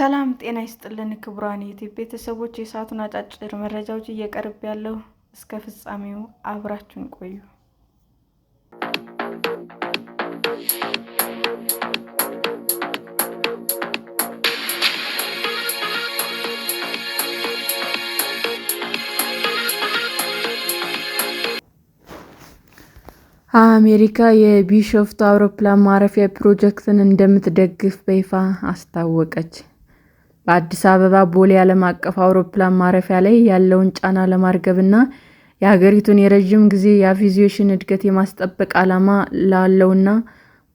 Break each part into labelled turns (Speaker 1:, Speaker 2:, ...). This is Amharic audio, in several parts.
Speaker 1: ሰላም ጤና ይስጥልን ክቡራን ዩቲዩብ ቤተሰቦች፣ የሰዓቱን አጫጭር መረጃዎች እየቀርብ ያለው እስከ ፍጻሜው አብራችሁን ቆዩ። አሜሪካ የቢሾፍቱ አውሮፕላን ማረፊያ ፕሮጀክትን እንደምትደግፍ በይፋ አስታወቀች። በአዲስ አበባ ቦሌ ዓለም አቀፍ አውሮፕላን ማረፊያ ላይ ያለውን ጫና ለማርገብና የሀገሪቱን የረዥም ጊዜ የአቪዬሽን እድገት የማስጠበቅ ዓላማ ላለውና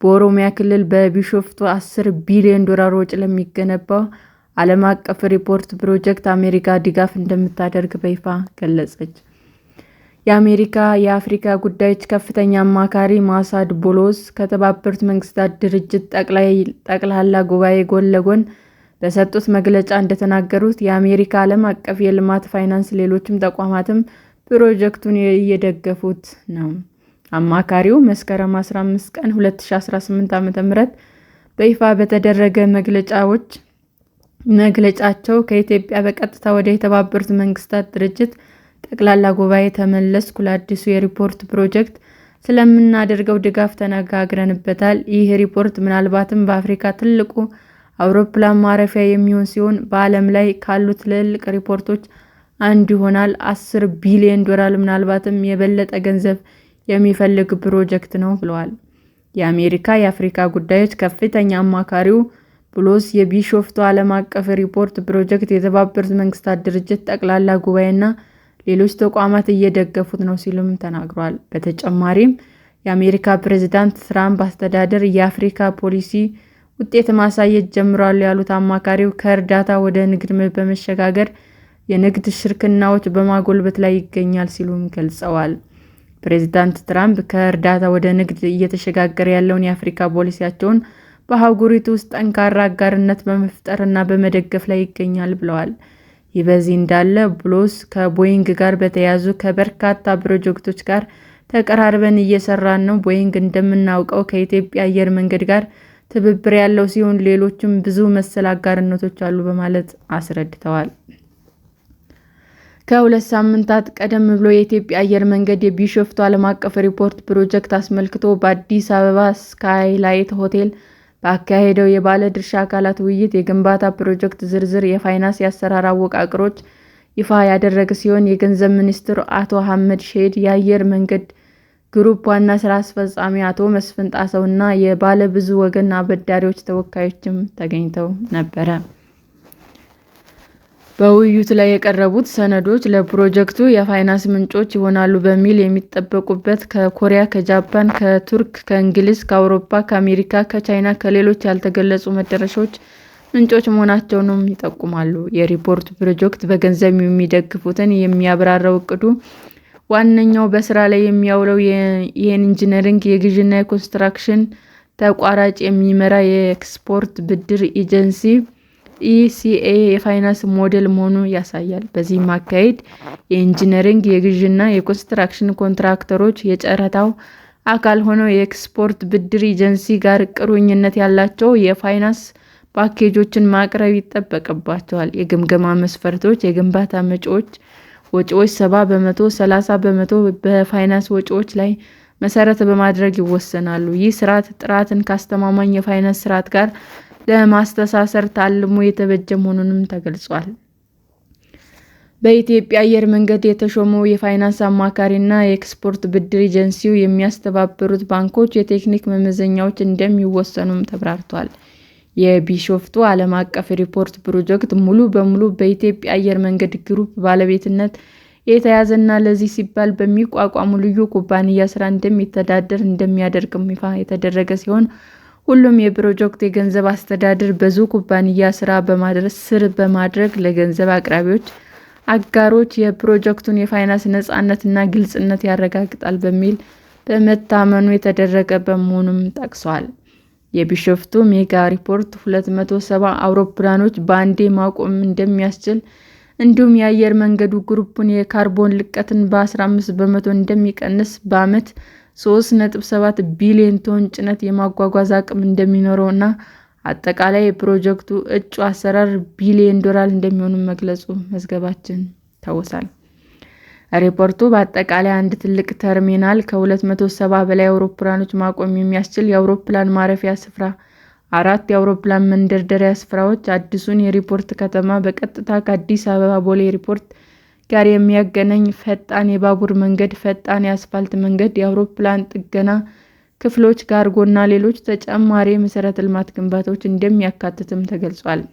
Speaker 1: በኦሮሚያ ክልል በቢሾፍቱ 10 ቢሊዮን ዶላር ወጪ ለሚገነባው ዓለም አቀፍ ኤርፖርት ፕሮጀክት አሜሪካ ድጋፍ እንደምታደርግ በይፋ ገለጸች። የአሜሪካ የአፍሪካ ጉዳዮች ከፍተኛ አማካሪ ማሳድ ቦሎስ ከተባበሩት መንግስታት ድርጅት ጠቅላላ ጉባኤ ጎን ለጎን በሰጡት መግለጫ እንደተናገሩት የአሜሪካ ዓለም አቀፍ የልማት ፋይናንስ ሌሎችም ተቋማትም ፕሮጀክቱን እየደገፉት ነው። አማካሪው መስከረም 15 ቀን 2018 ዓ.ም በይፋ በተደረገ መግለጫዎች መግለጫቸው ከኢትዮጵያ በቀጥታ ወደ የተባበሩት መንግስታት ድርጅት ጠቅላላ ጉባኤ ተመለስኩ። ለአዲሱ የሪፖርት ፕሮጀክት ስለምናደርገው ድጋፍ ተነጋግረንበታል። ይህ ሪፖርት ምናልባትም በአፍሪካ ትልቁ አውሮፕላን ማረፊያ የሚሆን ሲሆን በዓለም ላይ ካሉ ትልልቅ ሪፖርቶች አንዱ ይሆናል። አስር ቢሊዮን ዶላር ምናልባትም የበለጠ ገንዘብ የሚፈልግ ፕሮጀክት ነው ብለዋል። የአሜሪካ የአፍሪካ ጉዳዮች ከፍተኛ አማካሪው ብሎስ፣ የቢሾፍቱ ዓለም አቀፍ ሪፖርት ፕሮጀክት የተባበሩት መንግስታት ድርጅት ጠቅላላ ጉባኤና ሌሎች ተቋማት እየደገፉት ነው ሲሉም ተናግሯል። በተጨማሪም የአሜሪካ ፕሬዝዳንት ትራምፕ አስተዳደር የአፍሪካ ፖሊሲ ውጤት ማሳየት ጀምሯል ያሉት አማካሪው ከእርዳታ ወደ ንግድ በመሸጋገር የንግድ ሽርክናዎች በማጎልበት ላይ ይገኛል ሲሉም ገልጸዋል። ፕሬዚዳንት ትራምፕ ከእርዳታ ወደ ንግድ እየተሸጋገረ ያለውን የአፍሪካ ፖሊሲያቸውን በአህጉሪቱ ውስጥ ጠንካራ አጋርነት በመፍጠርና በመደገፍ ላይ ይገኛል ብለዋል። ይህ በዚህ እንዳለ ብሎስ ከቦይንግ ጋር በተያያዙ ከበርካታ ፕሮጀክቶች ጋር ተቀራርበን እየሰራን ነው። ቦይንግ እንደምናውቀው ከኢትዮጵያ አየር መንገድ ጋር ትብብር ያለው ሲሆን ሌሎችም ብዙ መሰል አጋርነቶች አሉ በማለት አስረድተዋል። ከሁለት ሳምንታት ቀደም ብሎ የኢትዮጵያ አየር መንገድ የቢሾፍቱ ዓለም አቀፍ ኤርፖርት ፕሮጀክት አስመልክቶ በአዲስ አበባ ስካይላይት ሆቴል ባካሄደው የባለ ድርሻ አካላት ውይይት የግንባታ ፕሮጀክት ዝርዝር የፋይናንስ የአሰራር አወቃቀሮች ይፋ ያደረገ ሲሆን የገንዘብ ሚኒስትሩ አቶ አህመድ ሼድ የአየር መንገድ ግሩፕ ዋና ስራ አስፈጻሚ አቶ መስፍን ጣሰው እና የባለ ብዙ ወገን አበዳሪዎች ተወካዮችም ተገኝተው ነበረ። በውይይቱ ላይ የቀረቡት ሰነዶች ለፕሮጀክቱ የፋይናንስ ምንጮች ይሆናሉ በሚል የሚጠበቁበት ከኮሪያ፣ ከጃፓን፣ ከቱርክ፣ ከእንግሊዝ፣ ከአውሮፓ፣ ከአሜሪካ፣ ከቻይና፣ ከሌሎች ያልተገለጹ መዳረሻዎች ምንጮች መሆናቸውንም ይጠቁማሉ። የሪፖርቱ ፕሮጀክት በገንዘብ የሚደግፉትን የሚያብራራው እቅዱ ዋነኛው በስራ ላይ የሚያውለው የኢንጂነሪንግ፣ የግዥና የኮንስትራክሽን ተቋራጭ የሚመራ የኤክስፖርት ብድር ኤጀንሲ ኢሲኤ የፋይናንስ ሞዴል መሆኑን ያሳያል። በዚህም አካሄድ የኢንጂነሪንግ፣ የግዥና የኮንስትራክሽን ኮንትራክተሮች የጨረታው አካል ሆነው የኤክስፖርት ብድር ኤጀንሲ ጋር ቅሩኝነት ያላቸው የፋይናንስ ፓኬጆችን ማቅረብ ይጠበቅባቸዋል። የግምገማ መስፈርቶች የግንባታ መጪዎች ወጪዎች 70 በመቶ 30 በመቶ በፋይናንስ ወጪዎች ላይ መሰረት በማድረግ ይወሰናሉ። ይህ ስርዓት ጥራትን ከአስተማማኝ የፋይናንስ ስርዓት ጋር ለማስተሳሰር ታልሞ የተበጀ መሆኑንም ተገልጿል። በኢትዮጵያ አየር መንገድ የተሾመው የፋይናንስ አማካሪ እና የኤክስፖርት ብድር ኤጀንሲው የሚያስተባብሩት ባንኮች የቴክኒክ መመዘኛዎች እንደሚወሰኑም ተብራርቷል። የቢሾፍቱ ዓለም አቀፍ ኤርፖርት ፕሮጀክት ሙሉ በሙሉ በኢትዮጵያ አየር መንገድ ግሩፕ ባለቤትነት የተያዘና ለዚህ ሲባል በሚቋቋሙ ልዩ ኩባንያ ስራ እንደሚተዳደር እንደሚያደርግም ይፋ የተደረገ ሲሆን ሁሉም የፕሮጀክቱ የገንዘብ አስተዳደር በዙ ኩባንያ ስራ ስር በማድረግ ለገንዘብ አቅራቢዎች፣ አጋሮች የፕሮጀክቱን የፋይናንስ ነፃነትና ግልጽነት ያረጋግጣል በሚል በመታመኑ የተደረገ በመሆኑም ጠቅሷል። የቢሾፍቱ ሜጋ ሪፖርት 270 አውሮፕላኖች በአንዴ ማቆም እንደሚያስችል እንዲሁም የአየር መንገዱ ግሩፑን የካርቦን ልቀትን በ15 በመቶ እንደሚቀንስ፣ በዓመት 3.7 ቢሊዮን ቶን ጭነት የማጓጓዝ አቅም እንደሚኖረው እና አጠቃላይ የፕሮጀክቱ እጩ አሰራር ቢሊዮን ዶላር እንደሚሆን መግለጹ መዘገባችን ይታወሳል። ሪፖርቱ በአጠቃላይ አንድ ትልቅ ተርሚናል፣ ከ270 በላይ አውሮፕላኖች ማቆም የሚያስችል የአውሮፕላን ማረፊያ ስፍራ፣ አራት የአውሮፕላን መንደርደሪያ ስፍራዎች፣ አዲሱን የኤርፖርት ከተማ በቀጥታ ከአዲስ አበባ ቦሌ ኤርፖርት ጋር የሚያገናኝ ፈጣን የባቡር መንገድ፣ ፈጣን የአስፋልት መንገድ፣ የአውሮፕላን ጥገና ክፍሎች፣ ጋርጎና ሌሎች ተጨማሪ የመሠረተ ልማት ግንባታዎች እንደሚያካትትም ተገልጿል።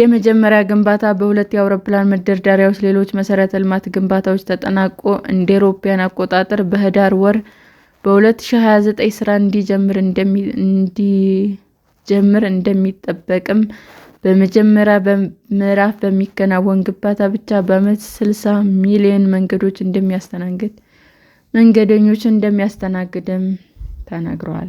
Speaker 1: የመጀመሪያ ግንባታ በሁለት የአውሮፕላን መደርደሪያዎች፣ ሌሎች መሠረተ ልማት ግንባታዎች ተጠናቆ እንደ አውሮፓውያን አቆጣጠር በህዳር ወር በ2029 ስራ እንዲጀምር እንደሚጠበቅም በመጀመሪያ ምዕራፍ በሚከናወን ግንባታ ብቻ በዓመት 60 ሚሊዮን መንገዶች እንደሚያስተናግድ መንገደኞች እንደሚያስተናግድም ተነግሯል።